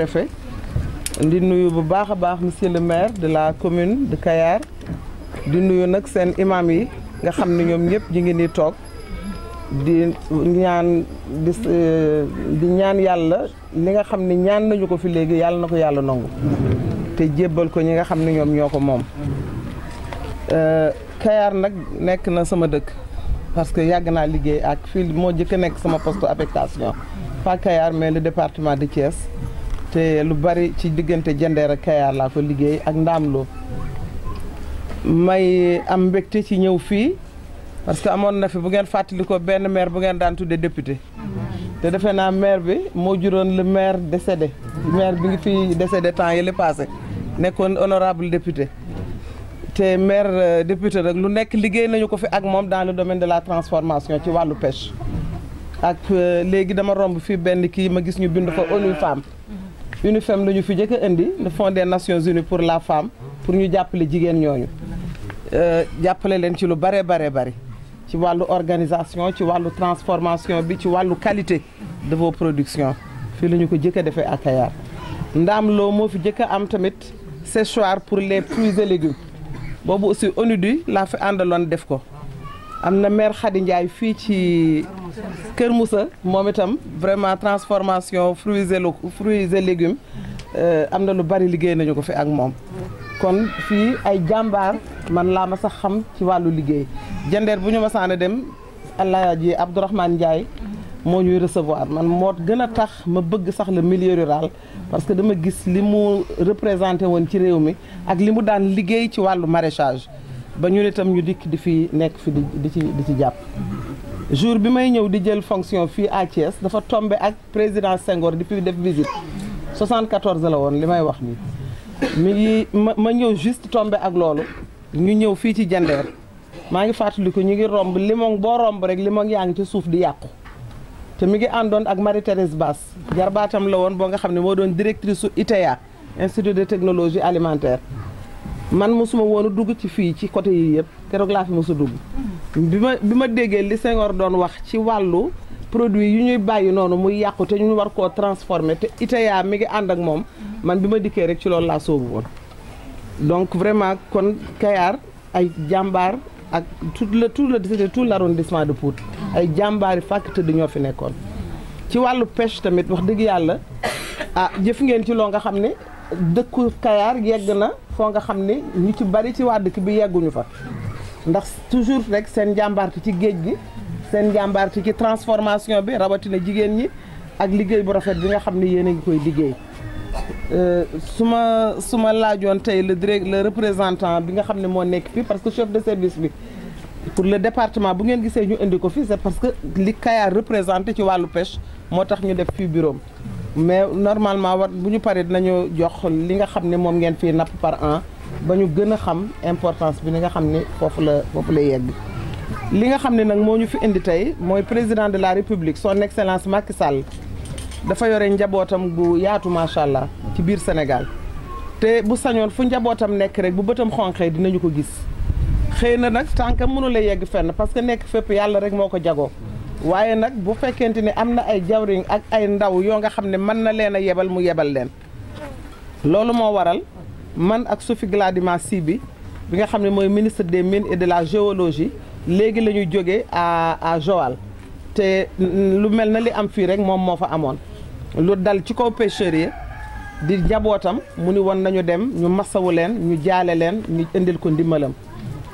préfet di nuyu bu baax a baax monsieur le maire de la commune de Kayar di nuyu nag seen imam yi nga xam ne ñoom ñëpp ji ngi ni toog di ñaan di eh, di ñaan yàlla li nga xam ne ñaan nañu ko fi léegi yàlla na ko yàlla nangu te jébbal ko ñi nga xam ne ñoom ñoo ko moom eh, Kayar nag nekk na sama dëkk parce que yàgg naa liggéey ak fi moo jëkk nekk sama poste affectation pas Kayar mais le département de Thiès te lu bari ci diggante Jandeer rek Kayaar laa ko liggéey ak ndaam loo may am mbégte ci ñëw fii parce que amoon na fi bu ngeen fàttali ko benn maire bu ngeen daan tudde député te defe naa maire bi moo juróon le maire décédé maire bi ngi fi décédé temps yi li passé nekkoon honorable député te maire euh, député rek lu nekk liggéey nañu ko fi ak moom dans le domaine de la transformation ci wàllu pêche ak euh, léegi dama romb fii benn kii ma gis ñu bind fa ONU Femmes UNIFEM la ñu fi njëkk a indi le Fonds des Nations Unies pour la femme pour ñu jàppale jigéen ñooñu euh, jàppale leen ci lu bare bare bari ci wàllu organisation ci wàllu transformation bi ci wàllu qualité de vos productions fii la ñu ko jëkk a defee ak Kayar loo moo fi jëkk a am tamit séchoir pour les fruits et légumes boobu aussi ONUDI laa fi àndaloon def ko am na maire Khady Ndiaye fii ci Kër Moussa moom itam vraiment transformation fruits et fruits et légumes euh, am na lu bari liggéey nañu ko fi ak moom kon fii ay jàmbaar man laa ma sax xam ci wàllu liggéey jandeer bu ñu masaana dem allah ji Abdourahmane Ndiaye moo ñuy recevoir man moo gën a tax ma bëgg sax le millier rural parce que dama gis li mu représenté woon ci réew mi ak li mu daan liggéey ci wàllu maraîchage ba ñu ne ñu dikk di fi nekk fi di di ci di ci jàpp jour bi may ñëw di jël fonction fii à Thiès dafa tombe ak président Senghor di fi def visite 74 la woon li may wax nii mi ngi ma ma ñëw juste tombé ak loolu ñu ñëw fii ci jandeer maa ngi fàttaliku ñu ngi romb limon boo romb rek limon yaa ngi ci suuf di yàqu te mi ngi àndoon ak Marie Thérèse Bass jarbaatam la woon boo nga xam ne moo doon directrice su ITEA institut de technologie alimentaire man mosuma woon a dugg ci fii ci côté yi yëpp keroog laa fi mos dugg. bi ma bi ma déggee li Senghor doon wax ci wàllu produit yu ñuy bàyyi noonu muy yàqu te ñu war koo transformer te ITA mi ngi ànd ak moom. man bi ma dikkee rek ci loolu laa soobu woon. donc vraiment kon Kayar ay jàmbaar ak tout le tout le c'était la l'arrondissement de Pout. ay jàmbaari fàkk tëdd ñoo fi nekkoon. ci wàllu pêche tamit wax dëgg yàlla ah jëf ngeen ci loo nga xam ne. dëkku Kayaar yegg na foo nga xam ni ñu ci bari ci waa dëkk bi yegguñu fa ndax toujours rek seen njàmbaarte ci géej gi seen njàmbaarte ci transformation bi rawatina jigéen ñi ak liggéey bu rafet bi nga xam ni yéen a ngi koy liggéey euh, su ma su ma laajoon tey le direct le représentant bi nga xam ne moo nekk fii parce que chef de service bi pour le département bu ngeen gisee ñu indi ko fii c'est parce que li Kayaar représenté ci wàllu pêche moo tax ñu def fii mais normalement war bu ñu paree dinañu jox li nga xam ne moom ngeen fii napp par an ba ñu gën a xam importance bi ni nga xam ne foofu la foofu la yegg. li nga xam ne nag moo ñu fi indi tey mooy président de la république son excellence Macky Sall dafa yore njabootam bu yaatu macha allah ci biir Sénégal te bu sañoon fu njabootam nekk rek bu bëtam xonqee dinañu ko gis xëy na nag tànkam mënu la yegg fenn parce que nekk fépp yàlla rek moo ko jagoo. waaye nag bu fekkente ni am na ay jawriñ ak ay ndaw yoo nga xam ne mën na leen a yebal mu yebal leen loolu moo waral man ak Sophie Gladima Sy bi bi nga xam ne mooy ministre des mines et de la géologie léegi la ñu jógee à à Joal te lu mel na li am fii rek moom moo fa amoon lu dal ci kaw pêcheurs yi di njabootam mu ni woon nañu dem ñu masawu leen ñu jaale leen ñu indil ko ndimbalam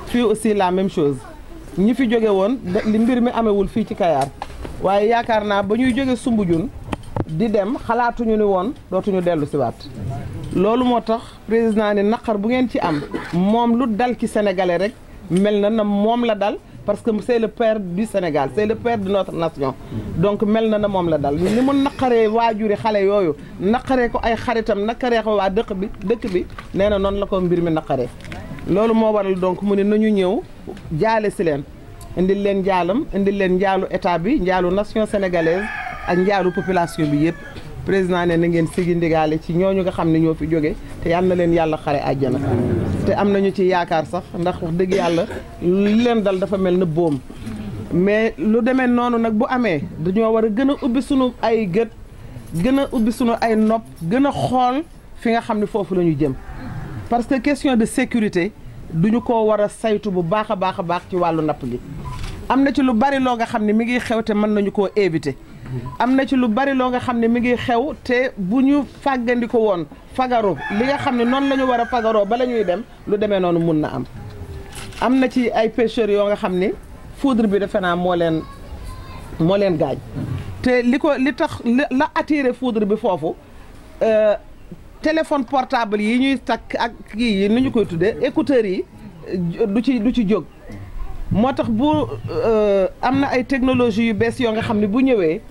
fii aussi la même chose ñi fi jóge woon li mbir mi amewul fii ci Kayaar waaye yaakaar naa ba ñuy jóge Sumbujun di dem xalaatuñu ni woon dootuñu dellu siwaat loolu moo tax président ni naqar bu ngeen ci am moom lu dal ci sénégalais rek mel na na moom la dal parce que c'est le père du Sénégal c'est le père de notre nation donc mel na na moom la dal ni mu naqaree waajuri xale yooyu naqaree ko ay xaritam naqaree ko waa dëkk bi dëkk bi nee na noonu la ko mbir mi naqare loolu moo waral donc mu ne nañu ñëw jaale si leen indil leen jaalam indil leen njaalu état bi njaalu nation sénégalaise ak njaalu population bi yëpp président ne na ngeen sigi ndigaale ci ñooñu nga xam ne ñoo fi jóge te yal na leen yàlla xare àjjana te am nañu ci yaakaar sax ndax wax dëgg yàlla li leen dal dafa mel na boom mais lu demee noonu nag bu amee dañoo war a gën a ubbi sunu ay gët gën a ubbi sunu ay nopp gën a xool fi nga xam ne foofu la ñu jëm parce que question de sécurité duñu ko war a saytu bu baax a baax a baax ci wàllu napp gi am na ci lu bari loo nga xam ne mi ngi xew te mën nañu koo éviter am na ci lu bari loo nga xam ne mi ngi xew te bu ñu fàggandiko woon fagaru li nga xam ne noonu la war a fagaroo ba la ñuy dem lu demee noonu mun na am am na ci ay pêcheurs yoo nga xam ni foudre bi defe naa moo leen moo leen gaañ te li ko li tax la attiré foudre bi foofu euh, téléphone portable yi ñuy takk ak kii yi nu ñu koy tuddee écouteurs yi du ci du ci jóg moo tax bu euh, am na ay technologie yu bees yoo nga xam ne bu ñëwee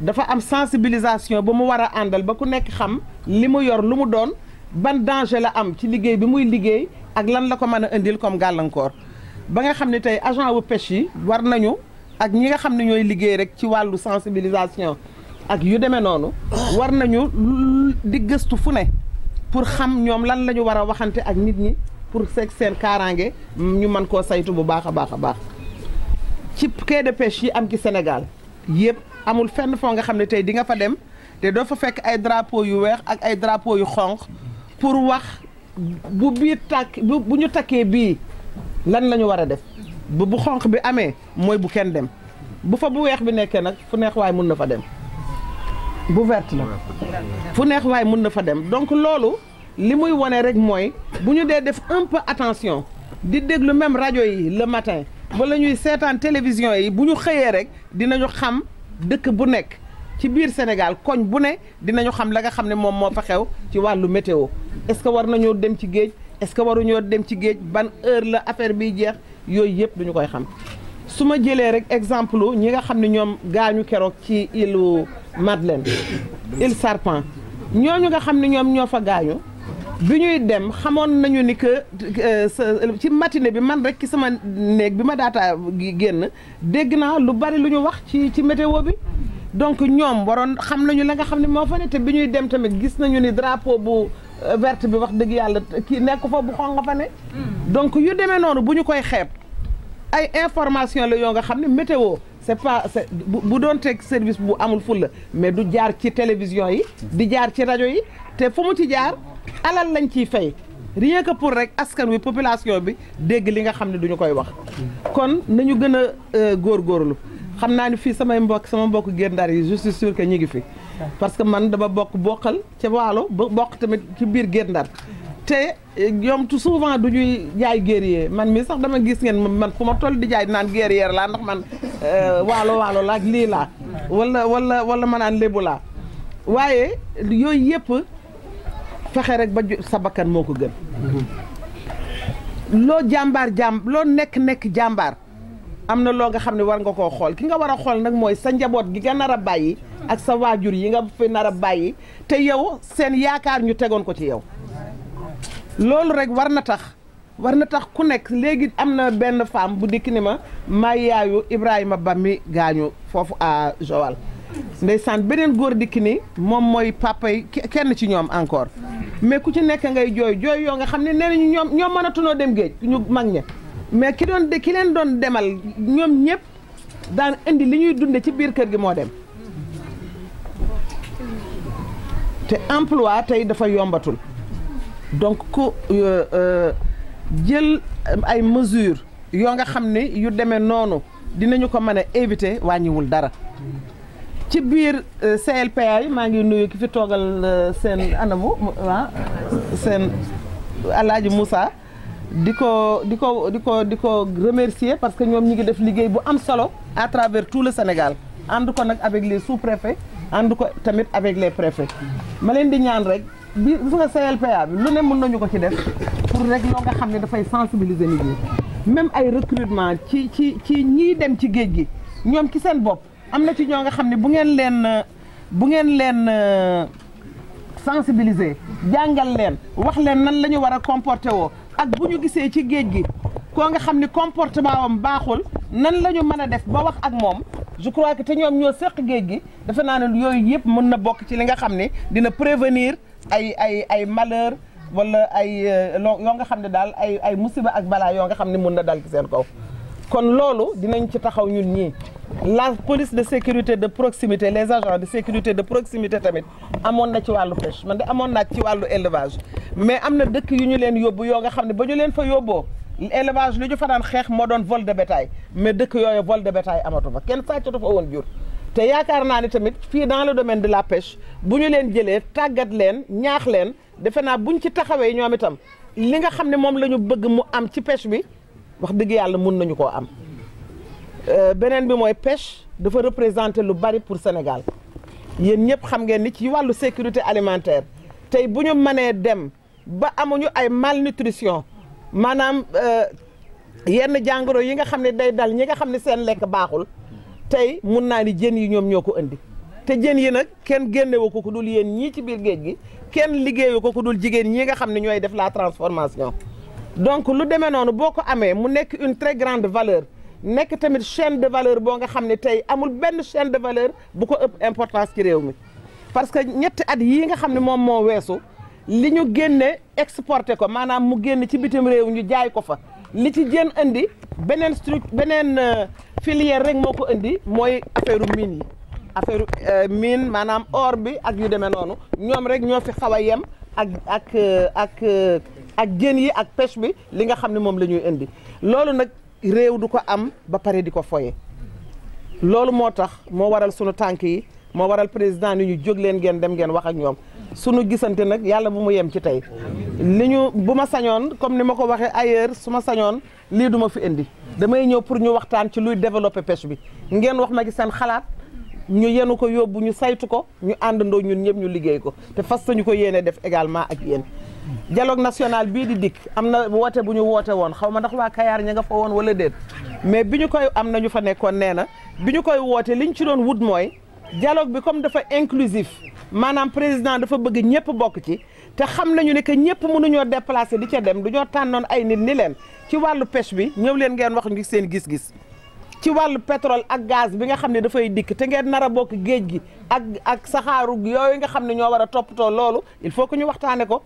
dafa am sensibilisation ba mu war a àndal ba ku nekk xam li mu yor lu mu doon ban danger la am ci liggéey bi muy liggéey ak lan la ko mën a indil comme gàllankoor ba nga xam ne tey agent wu pêche yi war nañu ak ñi nga xam ne ñooy liggéey rek ci wàllu sensibilisation ak yu demee noonu war nañu di gëstu fu ne pour xam ñoom lan la ñu war a waxante ak nit ñi pour seeg seen kaaraange ñu mën koo saytu bu baax a baax a baax ci quai de yi am ci Sénégal yëpp amul fenn foo nga xam ne tey di nga fa dem te doo fa fekk ay drapo yu weex ak ay drapeau yu xonq pour wax bu bii tàkk bu ñu takkee bii lan la ñu war a def bu bu xonq bi amee mooy bu kenn dem bu fa bu weex bi nekkee nag fu neex waaye mun na fa dem bu verte la fu neex waaye mën na fa dem donc loolu li muy wane rek mooy bu ñu dee def un peu di déglu même rajo yi le matin wala ñuy seetaan télévision yi bu ñu xëyee rek dinañu xam dëkk bu nekk ci biir Sénégal koñ bu ne dinañu xam la nga xam ne moom moo fa xew ci wàllu météo est-ce que war nañoo dem ci géej est-ce que waruñoo dem ci géej ban heure la affaire biy jeex yooyu yëpp duñu koy xam su ma jëlee rek exemple ñi nga xam ne ñoom gaañu keroog ci ilu Madeleine Île ñoo ñu nga xam ne ñoom ñoo fa gaañu bi ñuy dem xamoon nañu ni que euh, ci matine bi man rek ci sama néeg bi ma gi génn dégg naa lu bari lu ñu wax ci ci météo bi donc ñoom waroon xam nañu la nga xam ne moo fa ne te bi ñuy dem tamit gis nañu ni drapeau bu euh, verte bi wax dëgg yàlla kii nekk fa bu xonq fa ne hmm. donc yu demee noonu bu ñu koy xeeb ay information la yoo nga xam ne météo c' est pas bu doon teg service bu amul fulla mais du jaar ci télévision yi di jaar ci rajo yi te fu mu ci jaar alal lañ ciy fay rien que pour rek askan wi population bi dégg li nga xam ne duñu koy wax kon nañu gën a euh, góorlu xam naa ni fii samay mbokk sama mbokk géndaar yi je suis sûr que ñu ngi fi parce que man dama bokk bokkal ca waalo ba bokk tamit ci biir géndar te ñoom tout souvent du ñuy jaay guerrier man mii sax dama gis ngeen man fu ma toll di jaay naan guerrier laa ndax man euh, waalo waalo laa ak lii laa walla wala wala ma naan lébu laa waaye yooyu yëpp fexe rek ba sa bakkan moo ko gën loo jàmbaar jàmb loo nekk-nekk jàmbaar am na loo nga xam ne war nga koo xool ki nga war a xool nag mooy sa njaboot gi nga nar a bàyyi ak sa waajur yi nga fi nar a bàyyi te yow seen yaakaar ñu tegoon ko ci yow loolu rek war na tax war na tax ku nekk léegi am na benn femme bu dikk ni ma may yaayu Ibrahima Ba mi gaañu foofu à Joal ndeysaan beneen góor dikk ni moom mooy papa kenn ci ñoom encore mais ku ci nekk ngay jooy jooy yoo nga xam ne nee nañu ñoom ñoom mënatunoo dem géej ñu mag ña mais ki doon de ki leen doon demal ñoom ñëpp daan indi li ñuy dunde ci biir kër gi moo dem te emploi tey dafa yombatul donc ku euh, euh, jël euh, ay mesures yoo nga xam ne yu demee noonu dinañu ko mën a éviter wàññiwul dara ci biir CLPA yi maa ngi nuyu ki fi toogal seen anamu ah seen Alaaji Moussa di ko di ko di ko di ko remercier parce que ñoom ñi ngi def liggéey bu am solo à travers tout le Sénégal ànd ko nag avec les sous-préfets ànd ko tamit avec les préfets ma leen di ñaan rek bi gis nga CLPA bi lu ne mën nañu ko ci def pour rek loo nga xam ne dafay sensibiliser nit ñi même ay recrutement ci ci ci ñiy dem ci géej gi ñoom ci seen bopp am na ci ñoo nga xam ne bu ngeen leen bu ngeen leen euh, sensibiliser jàngal leen wax leen nan la ñu war a comporté woo ak bu ñu gisee ci géej gi koo nga xam ni comportement am baaxul nan la ñu mën a def ba wax ak moom je crois que te ñoom ñoo seq géej gi defe naa ne yooyu yëpp mën na bokk ci li nga xam ne dina prévenir ay ay ay malheur wala ay euh, loo yoo nga xam ne daal ay ay musiba ak balaa yoo nga xam ne mun na dal ci seen kaw kon loolu dinañ ci taxaw ñun ñii la police de sécurité de proximité les agents de sécurité de proximité tamit amoon na ci wàllu pêche man de amoon naa ci wàllu élevage mais am na dëkk yu ñu leen yóbbu yoo nga xam ne ba ñu leen fa yóbboo élevage lu ñu fa daan xeex moo doon vol de bétail mais dëkk yooyu vol de bétail amatu fa kenn sàccatu fa woon jur te yaakaar naa ni tamit fii dans le domaine de la pêche bu ñu leen jëlee tàggat leen ñaax leen defe naa buñ ci taxawee ñoom itam li nga xam ne moom la ñu bëgg mu am ci pêche bi wax dëgg yàlla mun nañu koo am euh, beneen bi mooy pêche dafa représenter lu bari pour Sénégal yéen ñëpp xam ngeen ni ci wàllu sécurité alimentaire tey bu ñu manee dem ba amuñu ay mal malnutrition maanaam euh, yenn jàngoro yi nga xam ne day dal ñi nga xam ne seen lekk baaxul tey mun naa ni jën yi ñoom ñoo ko indi te jën yi nag kenn génnewu ko ku dul yéen ñii ci biir géej gi kenn liggéeyu ko ku dul jigéen ñii nga xam ne ñooy def la transformation donc lu demee noonu boo ko amee mu nekk une très grande valeur nekk tamit chaine de valeur boo nga xam ne tey amul benn chaîne de valeur bu ko ëpp importance ci réew mi parce que ñetti at yii nga xam ne moom moo weesu li ñu génne exporté ko maanaam mu génn ci bitim réew ñu jaay ko fa li ci jën indi beneen beneen euh, filière rek moo ko indi mooy affaire mine yi affaire euh, mine maanaam or bi ak yu demee noonu ñoom rek ñoo fi xaw a yem ak ak euh, ak euh, ak jën yi ak pêche bi li nga xam ne moom la ñuy indi loolu nag réew du ko am ba pare di ko foye loolu moo tax moo waral sunu tànk yi moo waral président ni ñu jóg leen ngeen dem ngeen wax ak ñoom sunu gisante nag yàlla bu mu yem ci tey li ñu bu ma sañoon comme ni ma ko waxee ailleurs su ma sañoon lii duma ma fi indi damay ñëw pour ñu waxtaan ci luy développer pêche bi ngeen wax ma gi seen xalaat ñu yenu ko yóbbu ñu saytu ko ñu àndandoo ñun ñëpp ñu liggéey ko te fas ñu ko yéene def également ak yéen dialogue national bii di dikk am na woote bu ñu woote woon xaw ma ndax waa Kayaar ña nga fa woon wala déet mais bi ñu koy am na ñu fa nekkoon nee na bi ñu koy woote ñu ci doon wut mooy dialogue bi comme dafa inclusif maanaam président dafa bëgg ñëpp bokk ci te xam nañu ne que ñëpp mënuñoo déplacé di ca dem du ñoo tànnoon ay nit ni leen ci wàllu pêche bi ñëw leen ngeen wax ngi seen gis-gis ci wàllu pétrole ak gaz bi nga xam ne dafay dikk te ngeen nar a bokk géej gi ak ak saxaaru yooyu nga xam ne ñoo war a toppatoo loolu il faut que ñu waxtaane ko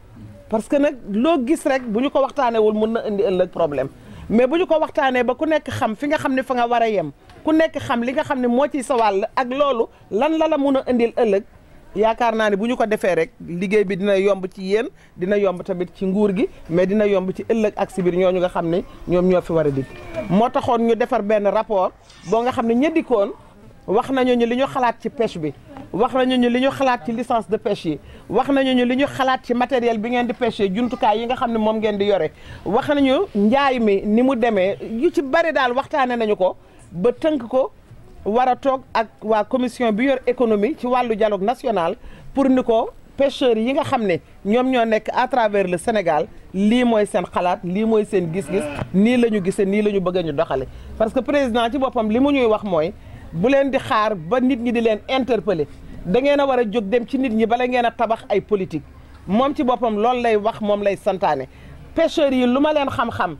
parce que nag loo gis rek bu ñu ko waxtaanewul mun na indi ëllëg problème mais bu ñu ko waxtaanee ba ku nekk xam fi nga xam ne fa nga war a yem ku nekk xam li nga xam ne moo ciy sa ak loolu lan la la mun a indil ëllëg yaakaar naa ne bu ñu ko defee rek liggéey bi dina yomb ci yéen dina yomb tamit ci nguur gi mais dina yomb ci ëllëg ak si biir ñooñu nga xam ne ñoom ñoo fi war a dikk moo taxoon ñu defar benn rapport boo nga xam ne ña dikkoon wax nañu ñu li ñu xalaat ci pêche bi wax nañu ñu li ñu xalaat ci licence de pêche yi wax nañu ñu li ñu xalaat ci matériel bi ngeen di pêche jumtukaay yi nga xam ne moom ngeen di yore wax nañu njaay mi ni mu demee yu ci bari daal waxtaane nañu ko ba tënk ko war a toog ak waa commission bi yor économie ci wàllu dialogue national pour ni ko pêcheurs yi nga xam ne ñoom ñoo nekk à travers le Sénégal lii mooy seen xalaat lii mooy seen gis-gis nii la ñu gisee nii la ñu bëgg ñu doxale parce que président ci boppam li mu ñuy wax mooy bu leen di xaar ba nit ñi di leen interpeller da ngeen a war a jóg dem ci nit ñi bala ngeen a tabax ay politique moom ci boppam loolu lay wax moom lay santaane pêcheurs yi lu ma leen xam-xam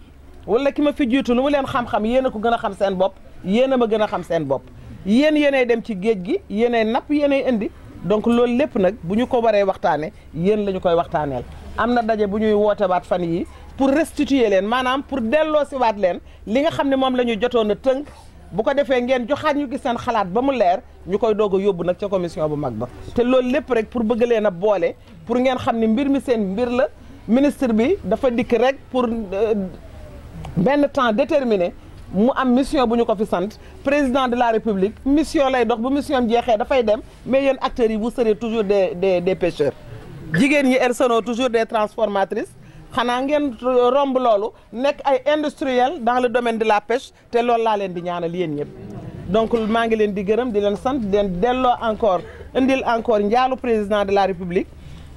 wala ki ma fi jiitu lu mu leen xam-xam yéen a ko gën a xam seen bopp yéen a ma gën a xam seen bopp yéen yéenay dem ci géej gi yéenay napp yéenay indi donc loolu lépp nag bu ñu ko waree waxtaane yéen la ñu koy waxtaaneel am na daje bu ñuy woote waat fan yi pour restituer leen maanaam pour delloo si leen li nga xam ne moom la ñu jotoon tënk bu ko defee ngeen joxaat ñu gis seen xalaat ba mu leer ñu koy doog a yóbbu nag ca commission bu mag ba te loolu lépp rek pour bëgg leen a boole pour ngeen xam ni mbir mi seen mbir la ministre bi dafa dikk rek pour euh, benn temps déterminé mu am mission bu ñu ko fi sant président de la république mission lay dox bu mission jeexee dafay dem mais yéen acteurs yi bu serez toujours des des des pêcheurs jigéen ñi elles seront toujours des transformatrices xanaa ngeen euh, romb loolu nekk ay industriel dans le domaine de la pêche te lool laa leen di ñaanal yéen ñëpp donc maa ngi leen di gërëm di leen sant den leen delloo encore indil encore njaalu président de la république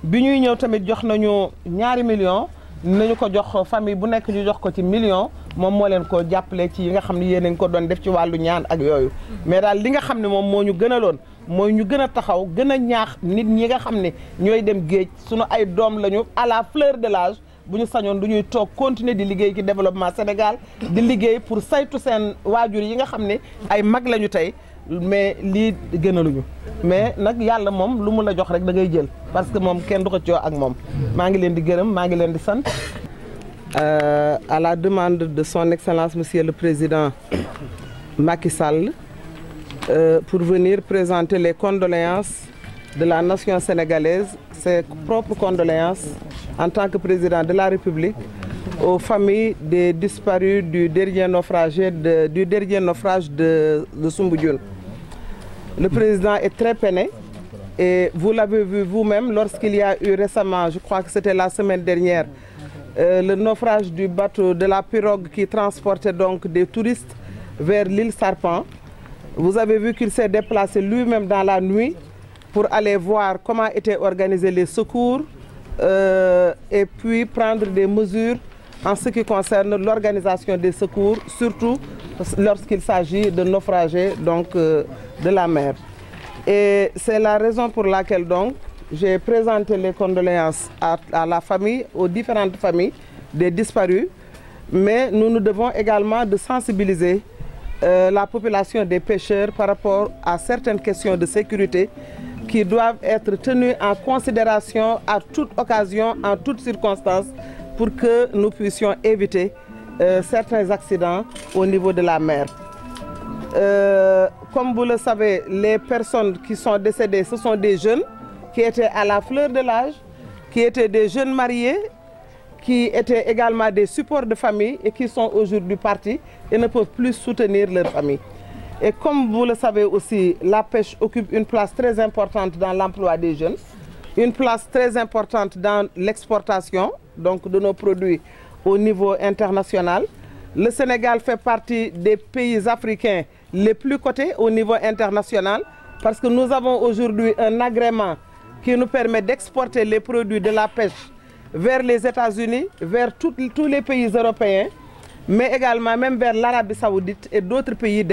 bi ñuy ñëw tamit jox nañu ñaari million nañu ko jox famille bu nekk ñu jox ko ci million moom moo leen ko jàppale ci yi nga xam ne yéen a ngi ko doon def ci wàllu ñaan ak yooyu mais daal li nga xam ne moom moo ñu gënaloon mooy ñu gën a taxaw gën a ñaax nit ñi nga xam ne ñooy dem géej sunu ay doom lañu à la fleur de l'âge bu ñu sañoon du ñuy toog continuer di liggéey ci développement Sénégal di liggéey pour saytu seen waajur yi nga xam ne ay mag lañu tey mais lii gënaluñu mais nag yàlla moom lu mu la jox rek da ngay jël parce que moom kenn du ko coo ak moom maa ngi leen di gërëm maa ngi leen di sant euh, à la demande de son excellence monsieur le président Macky Sall euh, pour venir présenter les condoléances de la nation sénégalaise ses propres condoléances en tant que président de la République aux familles des disparus du dernier naufrage de, du dernier naufrage de, de Soumbédioune. Le président est très peiné et vous l'avez vu vous-même lorsqu'il y a eu récemment, je crois que c'était la semaine dernière, euh, le naufrage du bateau de la pirogue qui transportait donc des touristes vers l'île Sarpan. Vous avez vu qu'il s'est déplacé lui-même dans la nuit pour aller voir comment étaient organisés les secours euh, et puis prendre des mesures en ce qui concerne l'organisation des secours, surtout lorsqu'il s'agit de naufragés donc, euh, de la mer. Et c'est la raison pour laquelle donc j'ai présenté les condoléances à, à, la famille, aux différentes familles des disparus, mais nous nous devons également de sensibiliser euh, la population des pêcheurs par rapport à certaines questions de sécurité qui doivent être tenus en considération à toute occasion, en toutes circonstances, pour que nous puissions éviter euh, certains accidents au niveau de la mer. Euh, comme vous le savez, les personnes qui sont décédées, ce sont des jeunes qui étaient à la fleur de l'âge, qui étaient des jeunes mariés, qui étaient également des supports de famille et qui sont aujourd'hui partis et ne peuvent plus soutenir leur famille. Et comme vous le savez aussi, la pêche occupe une place très importante dans l'emploi des jeunes, une place très importante dans l'exportation donc de nos produits au niveau international. Le Sénégal fait partie des pays africains les plus cotés au niveau international parce que nous avons aujourd'hui un agrément qui nous permet d'exporter les produits de la pêche vers les États-Unis, vers tout, tous les pays européens, mais également même vers l'Arabie saoudite et d'autres pays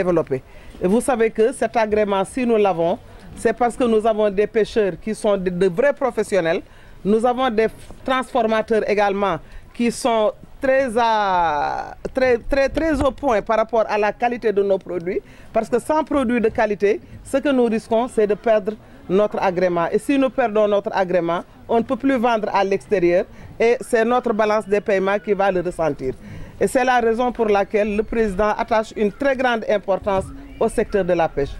Et vous savez que cet agrément, si nous l'avons, c'est parce que nous avons des pêcheurs qui sont de, de, vrais professionnels. Nous avons des transformateurs également qui sont très, à, très, très, très au point par rapport à la qualité de nos produits. Parce que sans produits de qualité, ce que nous risquons, c'est de perdre notre agrément. Et si nous perdons notre agrément, on ne peut plus vendre à l'extérieur et c'est notre balance des paiements qui va le ressentir. Et c'est la raison pour laquelle le président attache une très grande importance au secteur de la pêche.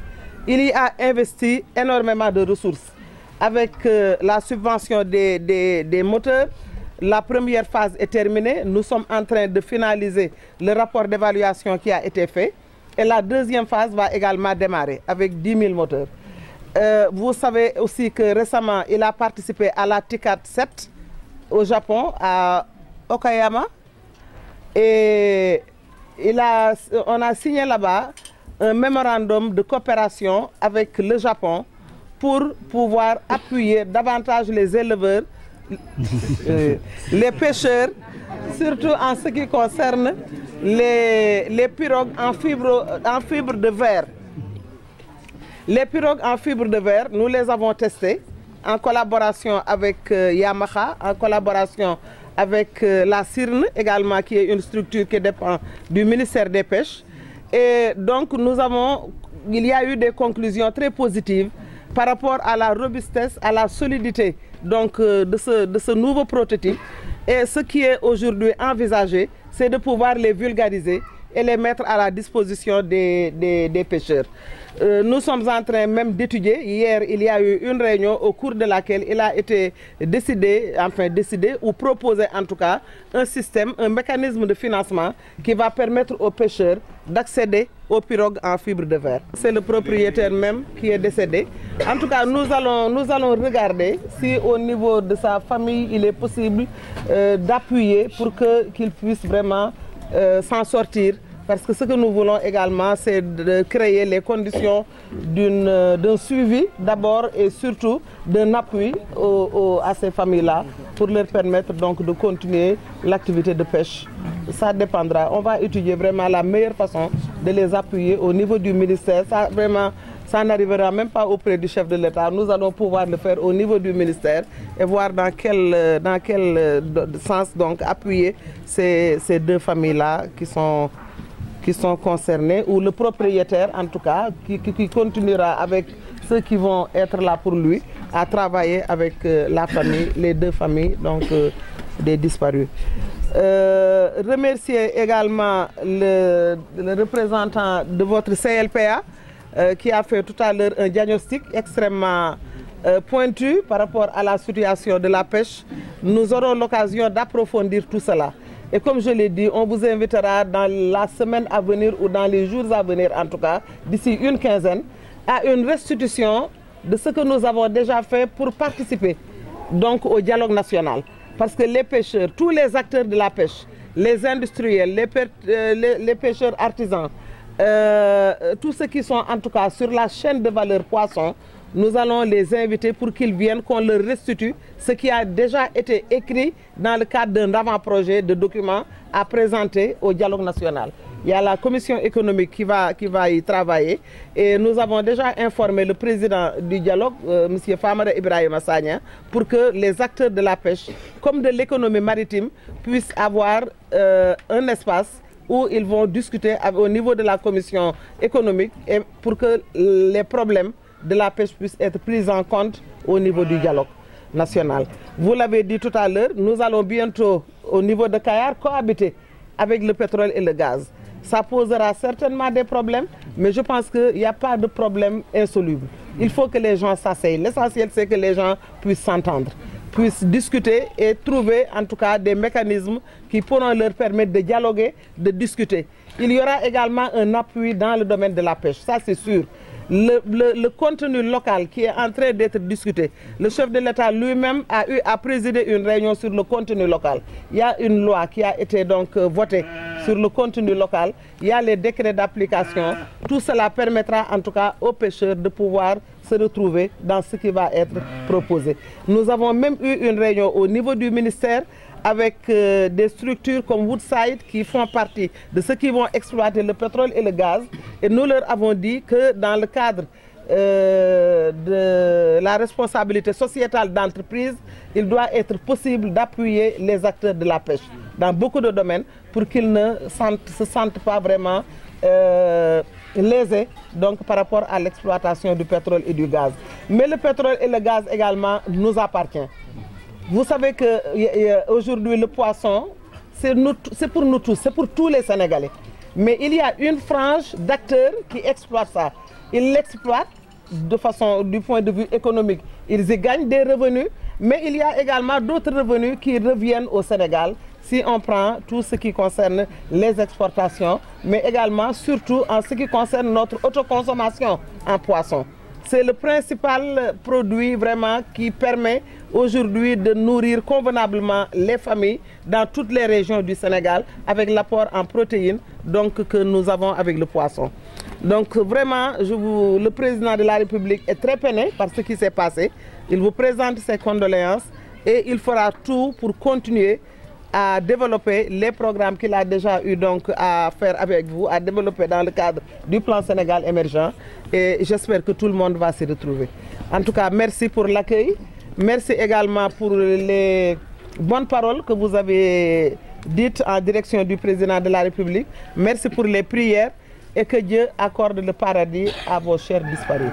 Il y a investi énormément de ressources avec euh, la subvention des, des, des moteurs. La première phase est terminée. Nous sommes en train de finaliser le rapport d'évaluation qui a été fait. Et la deuxième phase va également démarrer avec 10 000 moteurs. Euh, vous savez aussi que récemment, il a participé à la TICAT 7 au Japon, à Okayama. Et il a, on a signé là-bas un mémorandum de coopération avec le Japon pour pouvoir appuyer davantage les éleveurs, euh, les pêcheurs, surtout en ce qui concerne les, les pirogues en fibre, en fibre de verre. Les pirogues en fibre de verre, nous les avons testées en collaboration avec euh, Yamaha, en collaboration avec euh, la CIRN également, qui est une structure qui dépend du ministère des Pêches. donc nous avons, il y a eu des conclusions très positives par rapport à la robustesse, à la solidité donc, euh, de, ce, de ce nouveau prototype. Et ce qui est aujourd'hui envisagé, c'est de pouvoir les vulgariser et les mettre à la disposition des, des, des pêcheurs. Euh, nous sommes en train même d'étudier. Hier, il y a eu une réunion au cours de laquelle il a été décidé, enfin décidé ou proposé en tout cas, un système, un mécanisme de financement qui va permettre aux pêcheurs d'accéder aux pirogues en fibre de verre. C'est le propriétaire même qui est décédé. En tout cas, nous allons, nous allons regarder si au niveau de sa famille, il est possible euh, d'appuyer pour qu'il qu puisse vraiment euh, s'en sortir. parce que ce que nous voulons également c'est de créer les conditions d'une euh, d'un suivi d'abord et surtout d'un appui au, au, à ces familles-là pour leur permettre donc de continuer l'activité de pêche. Ça dépendra. On va étudier vraiment la meilleure façon de les appuyer au niveau du ministère. Ça vraiment ça n'arrivera même pas auprès du chef de l'État. Nous allons pouvoir le faire au niveau du ministère et voir dans quel euh, dans quel euh, sens donc appuyer ces ces deux familles-là qui sont qui sont concernés ou le propriétaire en tout cas qui, qui continuera avec ceux qui vont être là pour lui à travailler avec euh, la les deux familles donc euh, des disparus. Euh, remercier également le, le représentant de votre CLPA euh, qui a fait tout à l'heure un diagnostic extrêmement euh, pointu par rapport à la situation de la pêche. Nous aurons l'occasion d'approfondir tout cela. Et comme je l'ai dit, on vous invitera dans la semaine à venir ou dans les jours à venir en tout cas, d'ici une quinzaine, à une restitution de ce que nous avons déjà fait pour participer donc au dialogue national. Parce que les pêcheurs, tous les acteurs de la pêche, les industriels, les, euh, les, les pêcheurs artisans, euh, euh, tous ceux qui sont en tout cas sur la chaîne de valeur poisson, nous allons les inviter pour qu'ils viennent, qu'on leur restitue ce qui a déjà été écrit dans le cadre d'un avant-projet de document à présenter au dialogue national. Il la commission économique qui va, qui va y travailler et nous avons déjà informé le président du dialogue, euh, monsieur M. Famara Ibrahim Assania, pour que les acteurs de la pêche, comme de l'économie maritime, puissent avoir euh, un espace où ils vont discuter au niveau de la commission économique et pour que les problèmes de la pêche puisse être prise en compte au niveau du dialogue national. Vous l'avez dit tout à l'heure, nous allons bientôt, au niveau de Kayar, cohabiter avec le pétrole et le gaz. Ça posera certainement des problèmes, mais je pense qu'il y a pas de problème insoluble. Il faut que les gens s'asseyent. L'essentiel, c'est que les gens puissent s'entendre, puissent discuter et trouver en tout cas des mécanismes qui pourront leur permettre de dialoguer, de discuter. Il y aura également un appui dans le domaine de la pêche, ça c'est le, le, le, contenu local qui est en train d'être discuté. Le chef de l'État lui-même a, eu, à présider une réunion sur le contenu local. y a une loi qui a été donc euh, votée sur le contenu local. y a les décrets d'application. Tout cela permettra en tout cas aux pêcheurs de pouvoir se retrouver dans ce qui va être proposé. Nous avons même eu une réunion au niveau du ministère avec euh, des structures comme Woodside qui font partie de ceux qui vont exploiter le pétrole et le gaz. Et nous leur avons dit que dans le cadre euh, de la responsabilité sociétale d'entreprise, il doit être possible d'appuyer les acteurs de la pêche dans beaucoup de domaines pour qu'ils ne sentent, se sentent pas vraiment euh, lésés donc, par rapport à l'exploitation du pétrole et du gaz. Mais le pétrole et le gaz également nous appartient. vous savez que aujourd'hui le poisson c'est nous c'est pour nous tous c'est pour tous les Sénégalais mais il y a une frange d'acteurs qui exploitent ça ils l'exploitent de façon du point de vue économique ils y gagnent des revenus mais il y a également d'autres revenus qui reviennent au Sénégal si on prend tout ce qui concerne les exportations mais également surtout en ce qui concerne notre autoconsommation en poisson c'est le principal produit vraiment qui permet aujourd'hui de nourrir convenablement les familles dans toutes les régions du Sénégal avec l'apport en protéines donc que nous avons avec le poisson. Donc vraiment, je le président de la République est très peiné par ce qui s'est passé. Il vous présente ses condoléances et il fera tout pour continuer à développer les programmes qu'il a déjà eu donc à faire avec vous, à développer dans le cadre du plan Sénégal émergent. Et j'espère que tout le monde va s'y retrouver. En tout cas, merci pour la Merci également pour les bonnes paroles que vous avez dites en direction du président de la République. Merci pour les prières et que Dieu accorde le paradis à vos chers disparus.